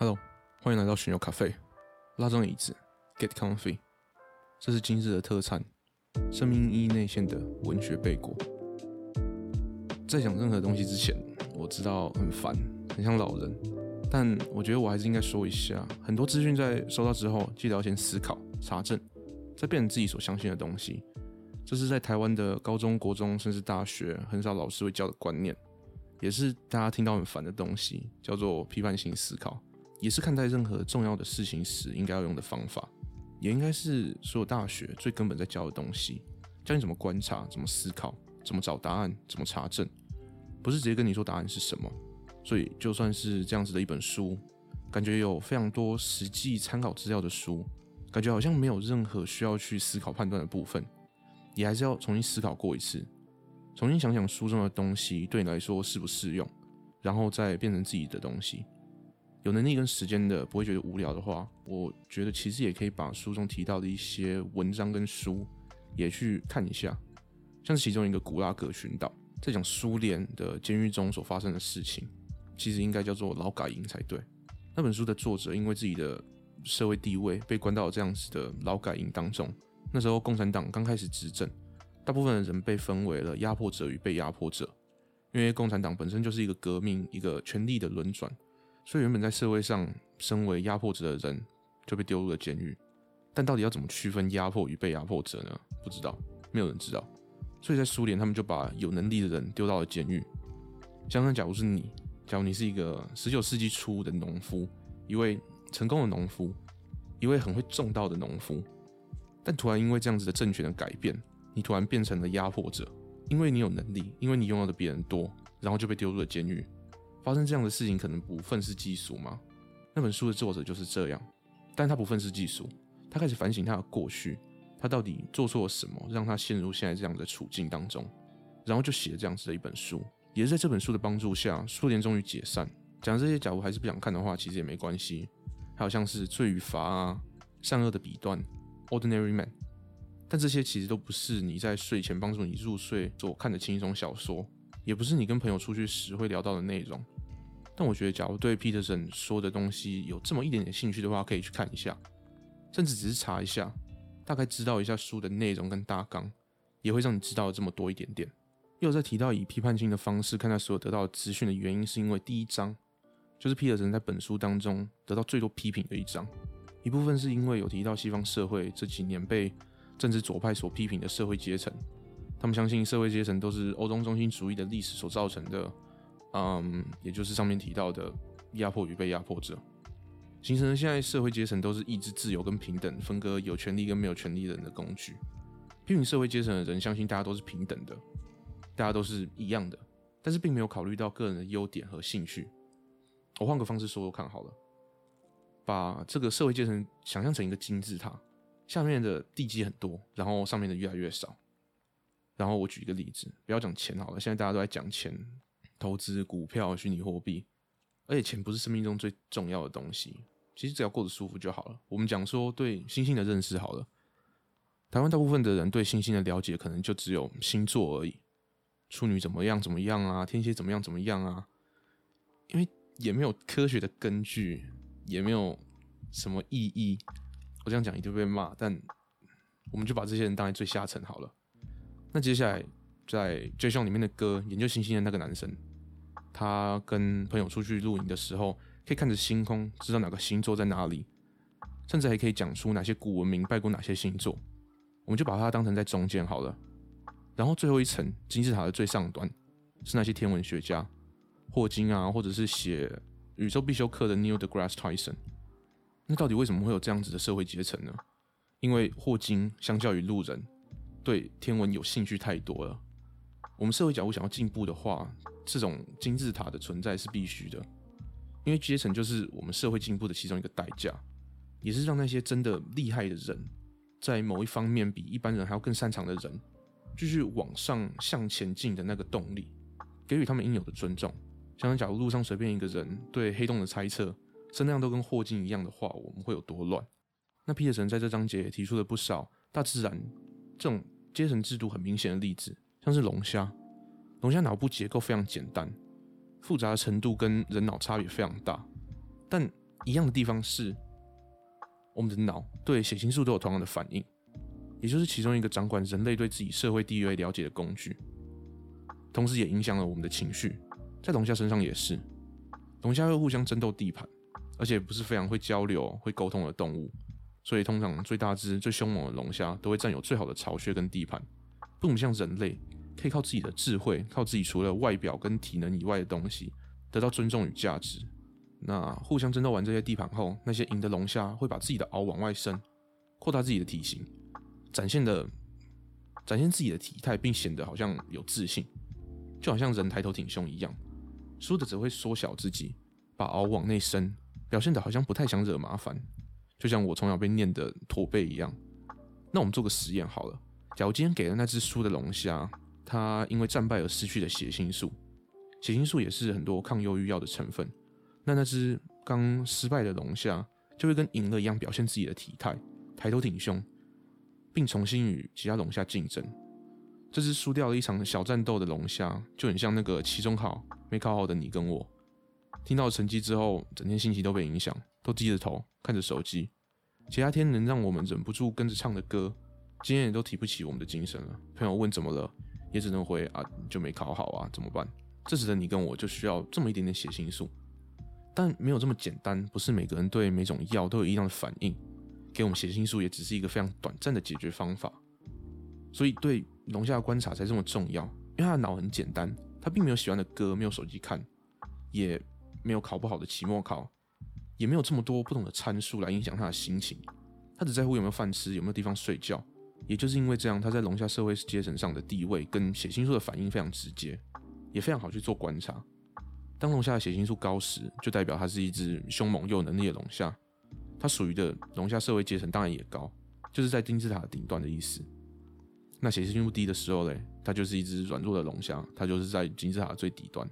Hello，歡迎來到巡遊咖啡。拉張椅子，get comfy。這是今日的特餐：生命意義內餡的文學貝果。在講任何東西之前，我知道很煩，很像老人。但我覺得我還是應該說一下，很多資訊在收到之後，記得要先思考、查證，再變成自己所相信的東西。這是在台灣的高中國中，甚至大學，很少老師會教的觀念，也是大家聽到很煩的東西，叫做批判性思考。也是看待任何重要的事情時應該要用的方法，也應該是所有大學最根本在教的東西，教你怎麼觀察、怎麼思考、怎麼找答案、怎麼查證，不是直接跟你說答案是什麼。所以就算是這樣子的一本書，感覺有非常多實際參考資料的書，感覺好像沒有任何需要去思考判斷的部分，也還是要重新思考過一次，重新想想書中的東西對你來說適不適用，然後再變成自己的東西。有能力跟時間的不會覺得無聊的話，我覺得其實也可以把書中提到的一些文章跟書也去看一下。像是其中一個《古拉格群島》，在講蘇聯的監獄中所發生的事情，其實應該叫做勞改營才對。那本書的作者因為自己的社會地位被關到了這樣子的勞改營當中。那時候共產黨剛開始執政，大部分的人被分為了壓迫者與被壓迫者，因為共產黨本身就是一個革命，一個權力的輪轉。所以原本在社會上身為壓迫者的人就被丟入了監獄，但到底要怎麼區分壓迫與被壓迫者呢？不知道，沒有人知道。所以在蘇聯，他們就把有能力的人丟到了監獄。想想，假如是你，假如你是一個十九世紀初的農夫，一位成功的農夫，一位很會種稻的農夫，但突然因為這樣子的政權的改變，你突然變成了壓迫者，因為你有能力，因為你擁有的比人多，然後就被丟入了監獄。發生這樣的事情，可能不憤世嫉俗嗎？那本書的作者就是這樣，但他不憤世嫉俗，他開始反省他的過去，他到底做錯了什麼，讓他陷入現在這樣的處境當中，然後就寫了這樣子的一本書。也是在這本書的幫助下，蘇聯終於解散。講這些假如還是不想看的話，其實也沒關係。還有像是《罪與罰》啊，《善惡的彼端》，《Ordinary Man》，但這些其實都不是你在睡前幫助你入睡所看的輕鬆小說。也不是你跟朋友出去時會聊到的內容，但我覺得，假如對 Peterson 說的東西有這麼一點點興趣的話，可以去看一下，甚至只是查一下，大概知道一下書的內容跟大綱，也會讓你知道這麼多一點點。又在提到以批判性的方式看待所有得到資訊的原因，是因為第一章就是 Peterson 在本書當中得到最多批評的一章，一部分是因為有提到西方社會這幾年被政治左派所批評的社會階層。他們相信社會階層都是歐洲中，中心主義的歷史所造成的，嗯，也就是上面提到的壓迫與被壓迫者，形成了現在社會階層都是抑制自由跟平等、分割有權利跟沒有權利的人的工具。批評社會階層的人相信大家都是平等的，大家都是一樣的，但是並沒有考慮到個人的優點和興趣。我換個方式說說看好了，把這個社會階層想象成一個金字塔，下面的地基很多，然後上面的越來越少。然後我舉一個例子，不要講錢好了。現在大家都在講錢，投資股票、虛擬貨幣，而且錢不是生命中最重要的東西。其實只要過得舒服就好了。我們講說對星星的認識好了。台灣大部分的人對星星的了解，可能就只有星座而已。處女怎麼樣怎麼樣啊？天蠍怎麼樣怎麼樣啊？因為也沒有科學的根據，也沒有什麼意義。我這樣講一定會被罵，但我們就把這些人當成最下層好了。那接下來，在周杰倫裡面的歌，研究星星的那個男生，他跟朋友出去露營的時候，可以看着星空，知道哪個星座在哪裡，甚至還可以講出哪些古文明拜過哪些星座。我們就把它當成在中間好了。然後最後一層金字塔的最上端，是那些天文學家，霍金啊，或者是寫《宇宙必修課》的 Neil deGrasse Tyson。那到底為什麼會有這樣子的社會階層呢？因為霍金相較於路人，對天文有興趣太多了。我們社會假如想要進步的話，這種金字塔的存在是必須的，因為階層就是我們社會進步的其中一個代價，也是讓那些真的厲害的人，在某一方面比一般人還要更擅長的人，繼續往上向前進的那個動力，給予他們應有的尊重。想想假如路上隨便一個人對黑洞的猜測，聲量都跟霍金一樣的話，我們會有多亂？那彼得森在這章節也提出了不少大自然這種。階層制度很明顯的例子，像是龍蝦。龍蝦腦部結構非常簡單，複雜的程度跟人腦差別非常大。但一樣的地方是，我們的腦對血清素都有同樣的反應，也就是其中一個掌管人類對自己社會地位了解的工具，同時也影響了我們的情緒。在龍蝦身上也是，龍蝦會互相爭鬥地盤，而且不是非常會交流、會溝通的動物。所以，通常最大隻、最兇猛的龍蝦都會佔有最好的巢穴跟地盤，並不像人類可以靠自己的智慧，靠自己除了外表跟體能以外的東西得到尊重與價值。那互相爭鬥完這些地盤後，那些贏的龍蝦會把自己的螯往外伸，擴大自己的體型，展現的展現自己的體態，並顯得好像有自信，就好像人抬頭挺胸一樣。輸的則會縮小自己，把螯往內伸，表現得好像不太想惹麻煩。就像我從小被念的駝背一樣，那我們做個實驗好了。假如今天給了那只輸的龍蝦，它因為戰敗而失去了血清素，血清素也是很多抗憂鬱藥的成分。那那只剛失敗的龍蝦就會跟贏了一樣表現自己的體態，抬頭挺胸，並重新與其他龍蝦競爭。這隻輸掉了一場小戰鬥的龍蝦，就很像那個期中考沒考好的你跟我，聽到成績之後，整天心情都被影響。都低着頭看着手機，其他天能讓我們忍不住跟着唱的歌，今天也都提不起我們的精神了。朋友問怎麼了，也只能回啊，就沒考好啊，怎麼辦？這時的你跟我就需要這麼一點點血清素，但沒有這麼簡單，不是每個人對每種藥都有一樣的反應。給我們血清素也只是一個非常短暫的解決方法，所以對龍蝦的觀察才這麼重要，因為他的腦很簡單，他並沒有喜歡的歌，沒有手機看，也沒有考不好的期末考。也沒有這麼多不同的參數來影響他的心情，他只在乎有沒有飯吃，有沒有地方睡覺。也就是因為這樣，他在龍蝦社會階層上的地位跟血清素的反應非常直接，也非常好去做觀察。當龍蝦的血清素高時，就代表它是一隻兇猛又有能力的龍蝦，它屬於的龍蝦社會階層當然也高，就是在金字塔頂端的意思。那血清素低的時候嘞，它就是一隻軟弱的龍蝦，它就是在金字塔的最底端。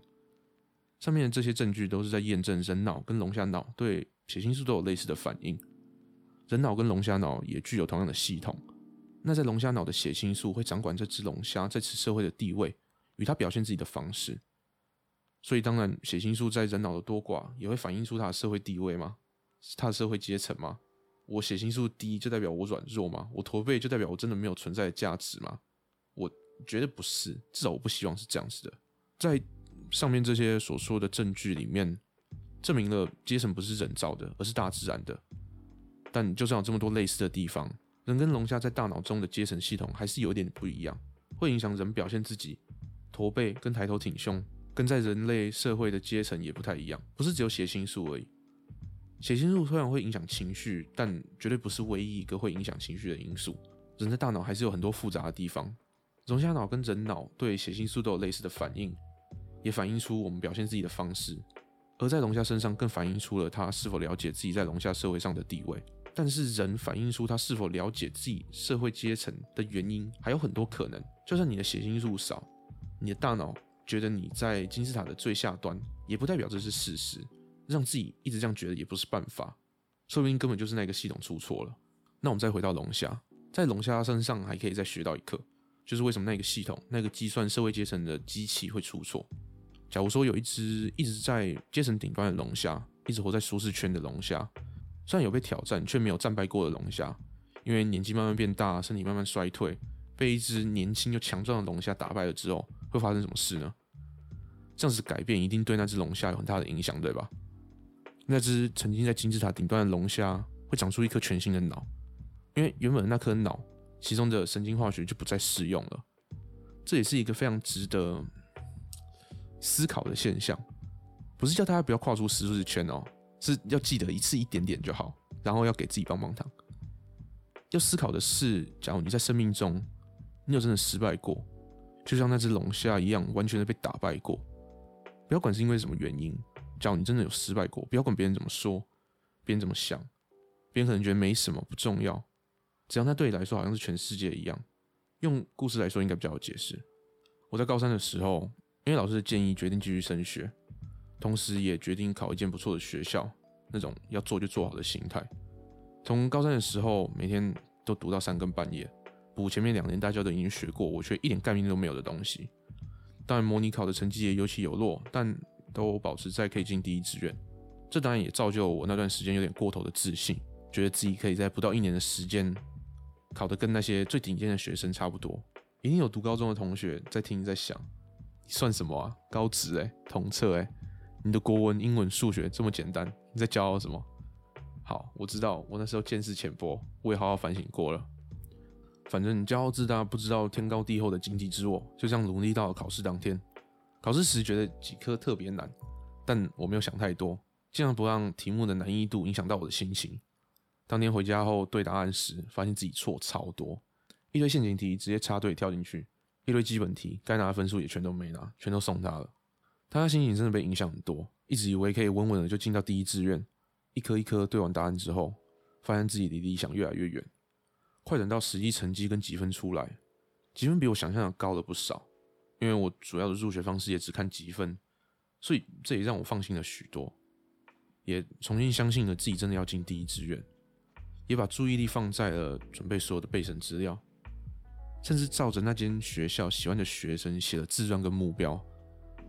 上面的這些證據都是在驗證人腦跟龍蝦腦對血清素都有類似的反應，人腦跟龍蝦腦也具有同樣的系統。那在龍蝦腦的血清素會掌管這隻龍蝦在此社會的地位與它表現自己的方式。所以當然，血清素在人腦的多寡也會反映出它的社會地位嗎？是它的社會階層嗎？我血清素低就代表我軟弱嗎？我駝背就代表我真的沒有存在的價值嗎？我覺得不是，至少我不希望是這樣子的。在上面這些所說的證據裡面，證明了階層不是人造的，而是大自然的。但就算有這麼多類似的地方，人跟龍蝦在大腦中的階層系統還是有點不一樣，會影響人表現自己。駝背跟抬頭挺胸，跟在人類社會的階層也不太一樣，不是只有血清素而已。血清素雖然會影響情緒，但絕對不是唯一一個會影響情緒的因素。人的大腦還是有很多複雜的地方，龍蝦腦跟人腦對血清素都有類似的反應。也反映出我們表現自己的方式，而在龍蝦身上更反映出了它是否了解自己在龍蝦社會上的地位。但是人反映出他是否了解自己社會階層的原因還有很多可能。就算你的血清素少，你的大腦覺得你在金字塔的最下端，也不代表這是事實。讓自己一直這樣覺得也不是辦法，說不定根本就是那個系統出錯了。那我們再回到龍蝦，在龍蝦身上還可以再學到一課，就是為什麼那個系統、那個計算社會階層的機器會出錯。假如說有一隻一直在階層頂端的龍蝦，一直活在舒適圈的龍蝦，雖然有被挑戰，卻沒有戰敗過的龍蝦，因為年紀慢慢變大，身體慢慢衰退，被一隻年輕又強壯的龍蝦打敗了之後，會發生什麼事呢？這樣子改變一定對那隻龍蝦有很大的影響，對吧？那隻曾經在金字塔頂端的龍蝦會長出一顆全新的腦，因為原本的那顆腦其中的神經化學就不再適用了。這也是一個非常值得。思考的現象，不是叫大家不要跨出舒適圈哦，是要記得一次一點點就好，然後要給自己棒棒糖。要思考的是，假如你在生命中，你有真的失敗過，就像那只龍蝦一樣，完全的被打敗過。不要管是因為什麼原因，假如你真的有失敗過，不要管別人怎麼說，別人怎麼想，別人可能覺得沒什麼不重要，只要他對你來說好像是全世界一樣。用故事來說應該比較好解釋。我在高三的時候。因為老師的建議，決定繼續升學，同時也決定考一間不錯的學校。那種要做就做好的心態，從高三的時候每天都讀到三更半夜，補前面兩年大家都已經學過，我卻一點概念都沒有的東西。當然，模擬考的成績也有起有落，但都保持在可以進第一志願。這當然也造就我那段時間有點過頭的自信，覺得自己可以在不到一年的時間，考得跟那些最頂尖的學生差不多。一定有讀高中的同學在聽，在想。算什麼啊？高職哎、欸，統測哎，你的國文、英文、數學這麼簡單，你在驕傲什麼？好，我知道，我那時候見識淺薄，我也好好反省過了。反正你驕傲自大、不知道天高地厚的井底之我，就這樣努力到了考試當天。考試時覺得幾科特別難，但我沒有想太多，盡量不讓題目的難易度影響到我的心情。當天回家後對答案時，發現自己錯超多，一堆陷阱題直接插隊跳進去。一堆基本題，該拿的分數也全都沒拿，全都送他了。他的心情真的被影響很多，一直以為可以穩穩的就進到第一志願。一科一科對完答案之後，發現自己離理想越來越遠。快等到實際成績跟積分出來，積分比我想象的高了不少。因為我主要的入學方式也只看積分，所以這也讓我放心了許多，也重新相信了自己真的要進第一志願，也把注意力放在了準備所有的備審資料。甚至照着那間學校喜歡的學生寫了自傳跟目標，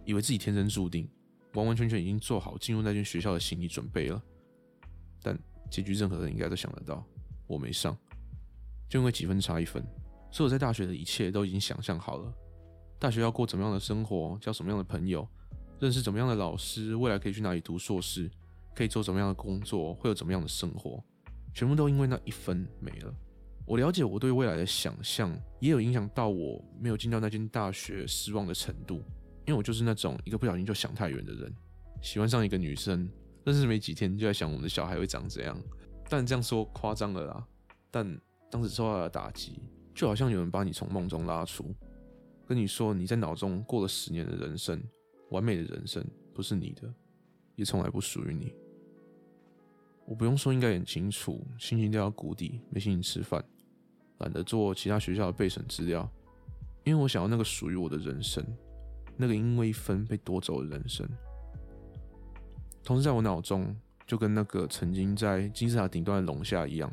以為自己天生注定，完完全全已經做好進入那間學校的心理準備了。但結局任何人應該都想得到，我沒上，就因為幾分差一分，所有在大學的一切都已經想象好了，大學要過怎麼樣的生活，交什麼樣的朋友，認識怎麼樣的老師，未來可以去哪裡讀碩士，可以做怎麼樣的工作，會有怎麼樣的生活，全部都因為那一分沒了。我了解，我對未來的想象也有影響到我沒有進到那間大學失望的程度，因為我就是那種一個不小心就想太遠的人，喜歡上一個女生，認識沒幾天就在想我們的小孩會長怎樣。但這樣說誇張了啦，但當時受到了打擊，就好像有人把你從夢中拉出，跟你說你在腦中過了十年的人生，完美的人生不是你的，也從來不屬於你。我不用說應該很清楚，心情掉到谷底，沒心情吃飯。懶得做其他學校的備審資料，因為我想要那個屬於我的人生，那個因為一分被奪走的人生。同時，在我腦中，就跟那個曾經在金字塔頂端的龍蝦一樣，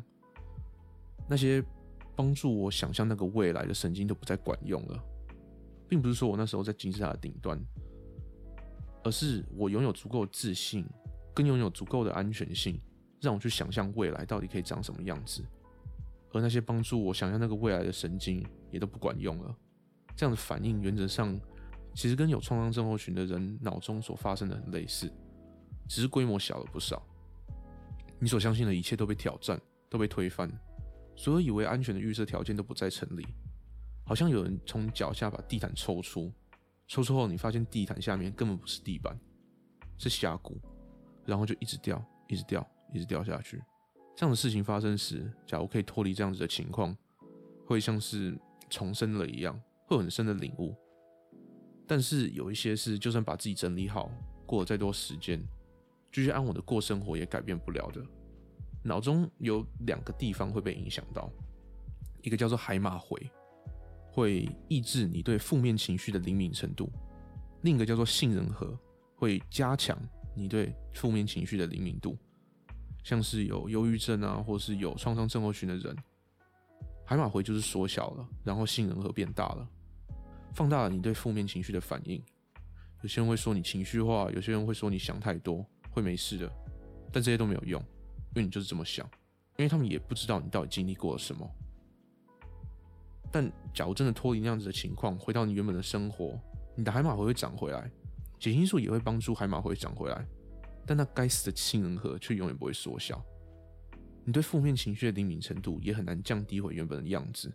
那些幫助我想象那個未來的神經都不再管用了。並不是說我那時候在金字塔頂端，而是我擁有足夠的自信，跟擁有足夠的安全性，讓我去想象未來到底可以長什麼樣子。和那些幫助我想象那個未來的神經也都不管用了。這樣的反應原，原則上其實跟有創傷症候群的人腦中所發生的很類似，只是規模小了不少。你所相信的一切都被挑戰，都被推翻，所有以，以為安全的預設條件都不再成立。好像有人從腳下把地毯抽出，抽出後你發現地毯下面根本不是地板，是峽谷，然後就一直掉，一直掉，一直掉下去。這樣的事情發生時，假如可以脫離這樣子的情況，會像是重生了一樣，會很深的領悟。但是有一些事，就算把自己整理好，過了再多時間，繼續安穩的過生活，也改變不了的。腦中有兩個地方會被影響到，一個叫做海馬回，會抑制你對負面情緒的靈敏程度；另一個叫做杏仁核，會加強你對負面情緒的靈敏度。像是有憂鬱症啊，或是有創傷症候群的人，海馬迴就是縮小了，然後杏仁核變大了，放大了你對負面情緒的反應。有些人會說你情緒化，有些人會說你想太多，會沒事的，但這些都沒有用，因為你就是這麼想，因為他們也不知道你到底經歷過了什麼。但假如真的脫離那樣子的情況，回到你原本的生活，你的海馬迴會長回來，血清素也會幫助海馬迴長回來。但那該死的杏仁核卻永遠不會縮小，你對負面情緒的靈敏程度也很難降低回原本的樣子。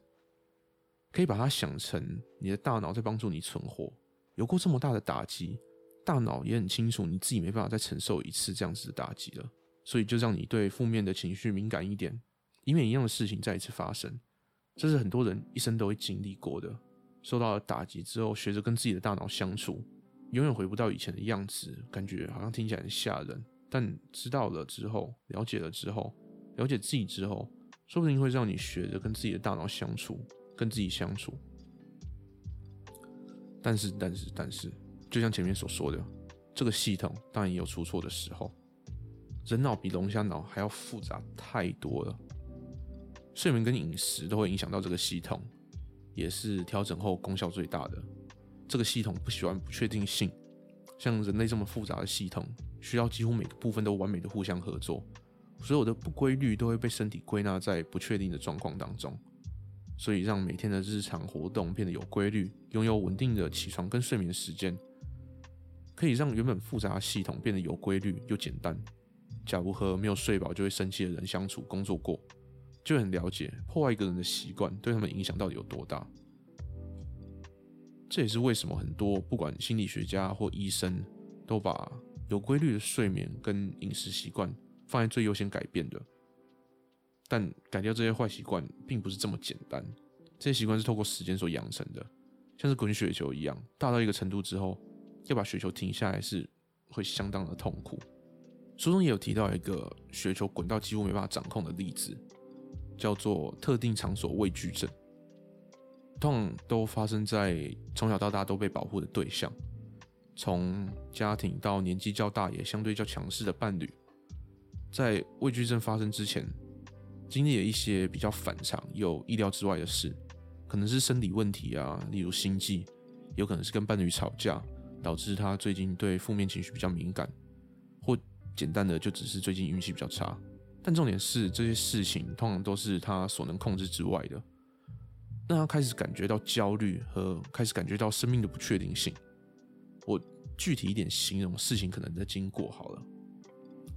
可以把它想成你的大腦在幫助你存活。有過這麼大的打擊，大腦也很清楚你自己沒辦法再承受一次這樣子的打擊了，所以就讓你對負面的情緒敏感一點，以免一樣的事情再一次發生。這是很多人一生都會經歷過的，受到了打擊之後，學着跟自己的大腦相處。永遠回不到以前的樣子，感覺好像聽起來很嚇人，但知道了之後，了解了之後，了解自己之後，說不定會讓你學着跟自己的大腦相處，跟自己相處。但是，但是，但是，就像前面所說的，這個系統當然也有出錯的時候，人腦比龍蝦腦還要複雜太多了，睡眠跟飲食都會影響到這個系統，也是調整後功效最大的。這個系統不喜歡不確定性，像人類這麼複雜的系統，需要幾乎每個部分都完美的互相合作，所有的不規律都會被身體歸納在不確定的狀況當中，所以讓每天的日常活動變得有規律，擁有穩定的起床跟睡眠時間，可以讓原本複雜的系統變得有規律又簡單。假如和沒有睡飽就會生氣的人相處、工作過，就很了解破壞一個人的習慣對他們影響到底有多大。這也是為什麼很多不管心理學家或醫生都把有規律的睡眠跟飲食習慣放在最優先改變的。但改掉這些壞習慣並不是這麼簡單，這些習慣是透過時間所養成的，像是滾雪球一樣，大到一個程度之後，要把雪球停下來是會相當的痛苦。書中也有提到一個雪球滾到幾乎沒辦法掌控的例子，叫做特定場所畏懼症。通常都發生在從小到大都被保護的對象，從家庭到年紀較大也相對較強勢的伴侶，在畏懼症發生之前，經歷了一些比較反常、有意料之外的事，可能是生理問題啊，例如心悸，有可能是跟伴侶吵架導致他最近對負面情緒比較敏感，或簡單的就只是最近運氣比較差。但重點是，這些事情通常都是他所能控制之外的。讓他開始感覺到焦慮和開始感覺到生命的不確定性。我具體一點形容事情可能的經過好了，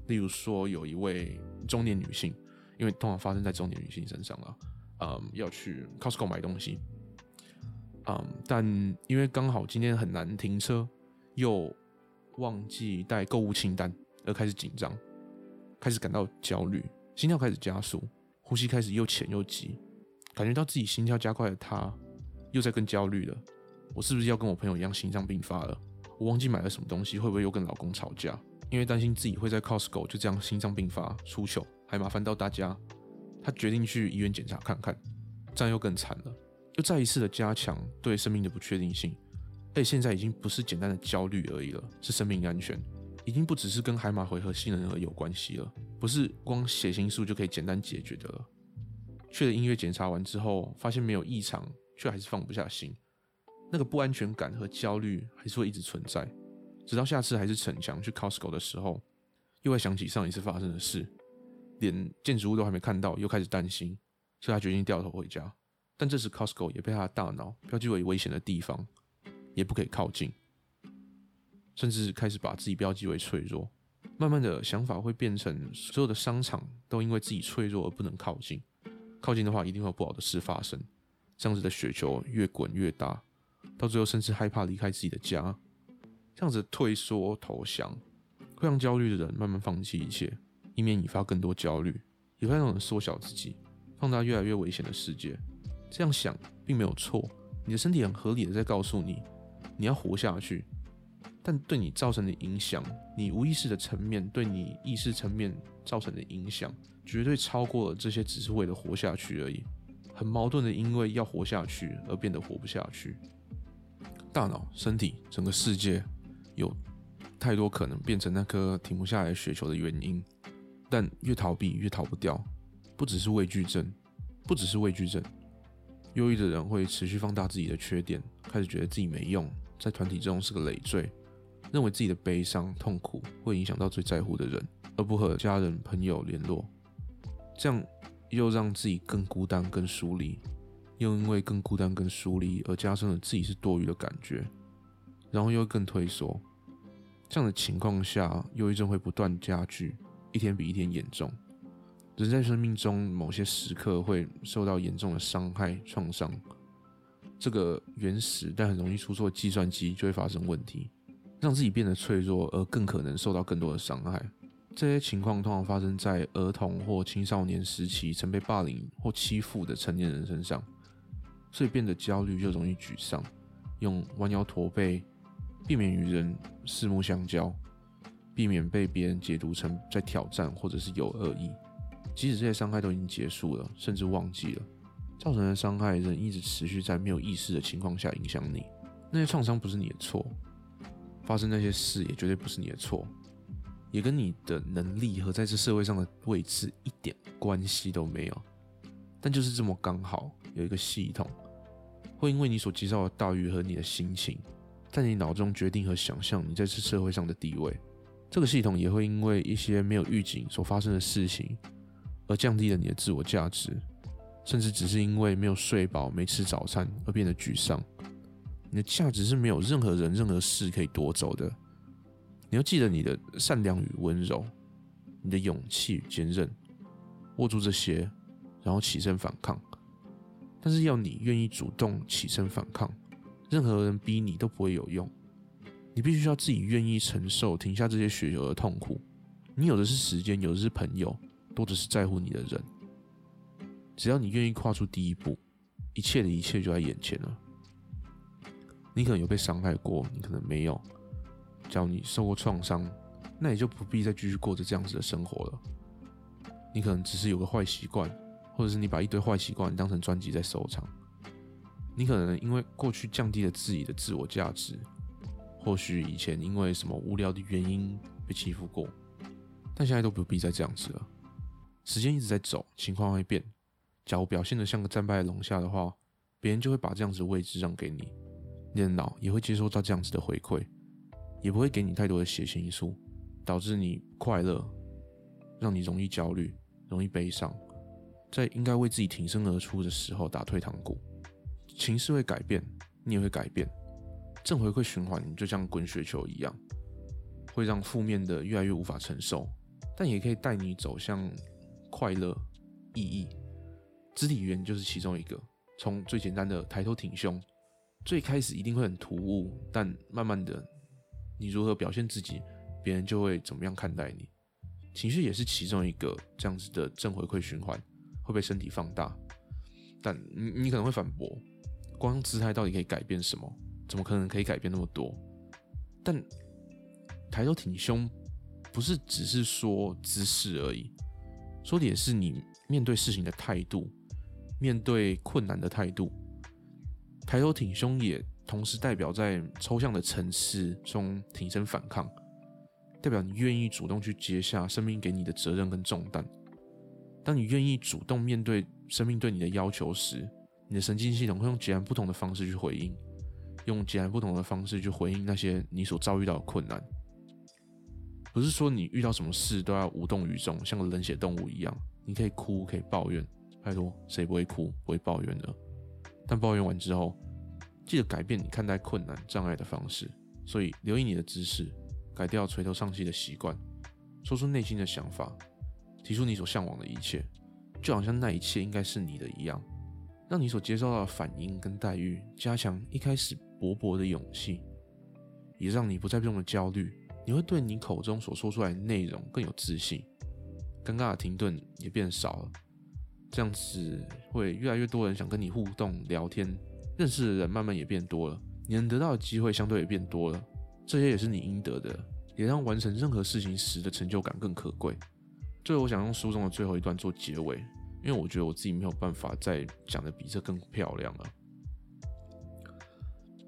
例如說有一位中年女性，因為通常發生在中年女性身上了，嗯，要去 Costco 買東西，嗯，但因為剛好今天很難停車，又忘記帶購物清單，而開始緊張，開始感到焦慮，心跳開始加速，呼吸開始又淺又急。感覺到自己心跳加快的他，又在更焦慮了。我是不是要跟我朋友一樣心臟病發了？我忘記買了什麼東西，會不會又跟老公吵架？因為擔心自己會在 Costco 就這樣心臟病發出糗，還麻煩到大家。他決定去醫院檢查看看，這樣又更慘了，又再一次的加強對生命的不確定性。但現在已經不是簡單的焦慮而已了，是生命安全，已經不只是跟海馬迴和杏仁核有關係了，不是光血清素就可以簡單解決的了。去了醫院檢查完之後，發現沒有異常，卻還是放不下心。那個不安全感和焦慮還是會一直存在，直到下次還是逞強去 Costco 的時候，又會想起上一次發生的事，連建築物都還沒看到，又開始擔心。所以他決定掉頭回家，但這時 Costco 也被他的大腦標記為危險的地方，也不可以靠近，甚至開始把自己標記為脆弱。慢慢的想法會變成所有的商場都因為自己脆弱而不能靠近。靠近的話，一定會有不好的事發生。這樣子的雪球越滾越大，到最後甚至害怕離開自己的家，這樣子退縮投降，會讓焦慮的人慢慢放棄一切，以免引發更多焦慮，也會讓人縮小自己，放大越來越危險的世界。這樣想並沒有錯，你的身體很合理的在告訴你，你要活下去。但對你造成的影響，你無意識的層面對你意識層面造成的影響，絕對超過了這些只是為了活下去而已。很矛盾的，因為要活下去而變得活不下去。大腦、身體、整個世界，有太多可能變成那顆停不下來的雪球的原因。但越逃避越逃不掉，不只是畏懼症，不只是畏懼症。憂鬱的人會持續放大自己的缺點，開始覺得自己沒用，在團體中是個累贅。認為自己的悲傷痛苦會影響到最在乎的人，而不和家人朋友聯絡，這樣又讓自己更孤單、更疏離，又因為更孤單、更疏離而加深了自己是多餘的感覺，然後又更退縮。這樣的情況下，憂鬱症會不斷加劇，一天比一天嚴重。人在生命中某些時刻會受到嚴重的傷害、創傷，這個原始但很容易出錯的計算機就會發生問題。讓自己變得脆弱，而更可能受到更多的傷害。這些情況通常發生在兒童或青少年時期曾被霸凌或欺負的成年人身上，所以變得焦慮又容易沮喪，用彎腰駝背，避免與人四目相交，避免被別人解讀成在挑戰或者是有惡意。即使這些傷害都已經結束了，甚至忘記了，造成的傷害仍一直持續在沒有意識的情況下影響你。那些創傷不是你的錯。發生那些事也絕對不是你的錯，也跟你的能力和在這社會上的位置一點關係都沒有。但就是這麼剛好有一個系統，會因為你所接受的待遇和你的心情，在你腦中決定和想象你在這社會上的地位。這個系統也會因為一些沒有預警所發生的事情，而降低了你的自我價值，甚至只是因為沒有睡飽、沒吃早餐而變得沮喪。你的價值是沒有任何人、任何事可以奪走的。你要記得你的善良與溫柔，你的勇氣與堅韌，握住這些，然後起身反抗。但是要你願意主動起身反抗，任何人逼你都不會有用。你必須要自己願意承受停下這些雪球的痛苦。你有的是時間，有的是朋友，多的是在乎你的人。只要你願意跨出第一步，一切的一切就在眼前了。你可能有被傷害過，你可能沒有。只要你受過創傷，那也就不必再繼續過着這樣子的生活了。你可能只是有個壞習慣，或者是你把一堆壞習慣當成專輯在收藏。你可能因為過去降低了自己的自我價值，或許以前因為什麼無聊的原因被欺負過，但現在都不必再這樣子了。時間一直在走，情況會變。假如表現得像個戰敗的龍蝦的話，別人就會把這樣子的位置讓給你。你的腦也會接收到這樣子的回饋，也不會給你太多的血清素，導致你不快樂，讓你容易焦慮、容易悲傷，在應該為自己挺身而出的時候打退堂鼓。情緒會改變，你也會改變。正回饋循環就像滾雪球一樣，會讓負面的越來越無法承受，但也可以帶你走向快樂、意義。肢體語言就是其中一個，從最簡單的抬頭挺胸。最開始一定會很突兀，但慢慢的，你如何表現自己，別人就會怎麼樣看待你。情緒也是其中一個這樣子的正回饋循環，會被身體放大。但你你可能會反駁，光姿態到底可以改變什麼？怎麼可能可以改變那麼多？但抬頭挺胸不是只是說姿勢而已，說的也是你面對事情的態度，面對困難的態度。抬頭挺胸也同時代表在抽象的層次中挺身反抗，代表你願意主動去接下生命給你的責任跟重擔。當你願意主動面對生命對你的要求時，你的神經系統會用截然不同的方式去回應，用截然不同的方式去回應那些你所遭遇到的困難。不是說你遇到什麼事都要無動於衷，像個冷血動物一樣。你可以哭，可以抱怨。拜托，誰不會哭，不會抱怨呢？但抱怨完之後，記得改變你看待困難、障礙的方式。所以，留意你的姿勢，改掉垂頭喪氣的習慣，說出內心的想法，提出你所嚮往的一切，就好像那一切應該是你的一樣，讓你所接受到的反應跟待遇，加強一開始薄薄的勇氣，也讓你不再變得焦慮。你會對你口中所說出來的內容更有自信，尷尬的停頓也變少了。這樣子會越來越多人想跟你互動聊天，認識的人慢慢也變多了，你能得到的機會相對也變多了，這些也是你應得的，也讓完成任何事情時的成就感更可貴。最後，我想用書中的最後一段做結尾，因為我覺得我自己沒有辦法再講得比這更漂亮了。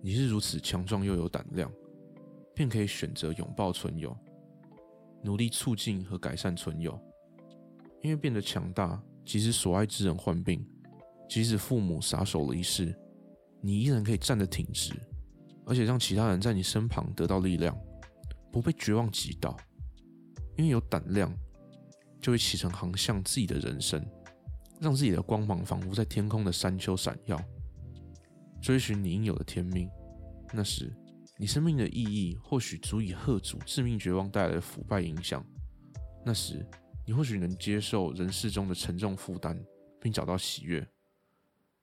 你是如此強壯又有膽量，便可以選擇擁抱存有，努力促進和改善存有，因為變得強大。即使所愛之人患病，即使父母撒手離世，你依然可以站得挺直，而且讓其他人在你身旁得到力量，不被絕望擊倒。因為有膽量，就會啟程航向自己的人生，讓自己的光芒仿佛在天空的山丘閃耀，追尋你應有的天命。那時，你生命的意義或許足以嚇阻致命絕望帶來的腐敗影響。那時。你或許能接受人世中的沉重負擔，並找到喜悅。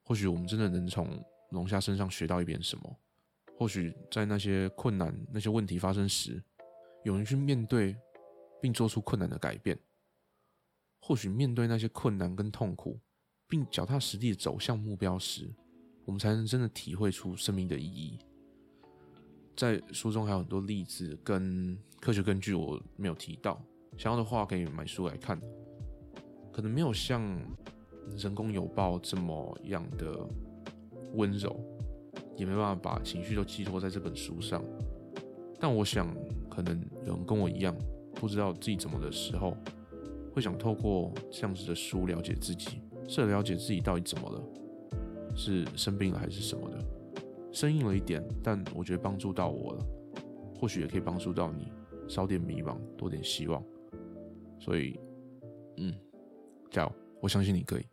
或許我們真的能從龍蝦身上學到一點什麼。或許在那些困難、那些問題發生時，勇於去面對，並做出困難的改變。或許面對那些困難跟痛苦，並腳踏實地走向目標時，我們才能真的體會出生命的意義。在書中還有很多例子跟科學根據，我沒有提到。想要的話，可以買書來看。可能沒有像《人工有報》這麼樣的溫柔，也沒辦法把情緒都寄托在這本書上。但我想，可能有人跟我一樣，不知道自己怎麼的時候，會想透過這樣子的書了解自己，是了解自己到底怎麼了，是生病了還是什麼的，生硬了一點，但我覺得幫助到我了，或許也可以幫助到你，少點迷茫，多點希望。所以，嗯，加油！我相信你可以。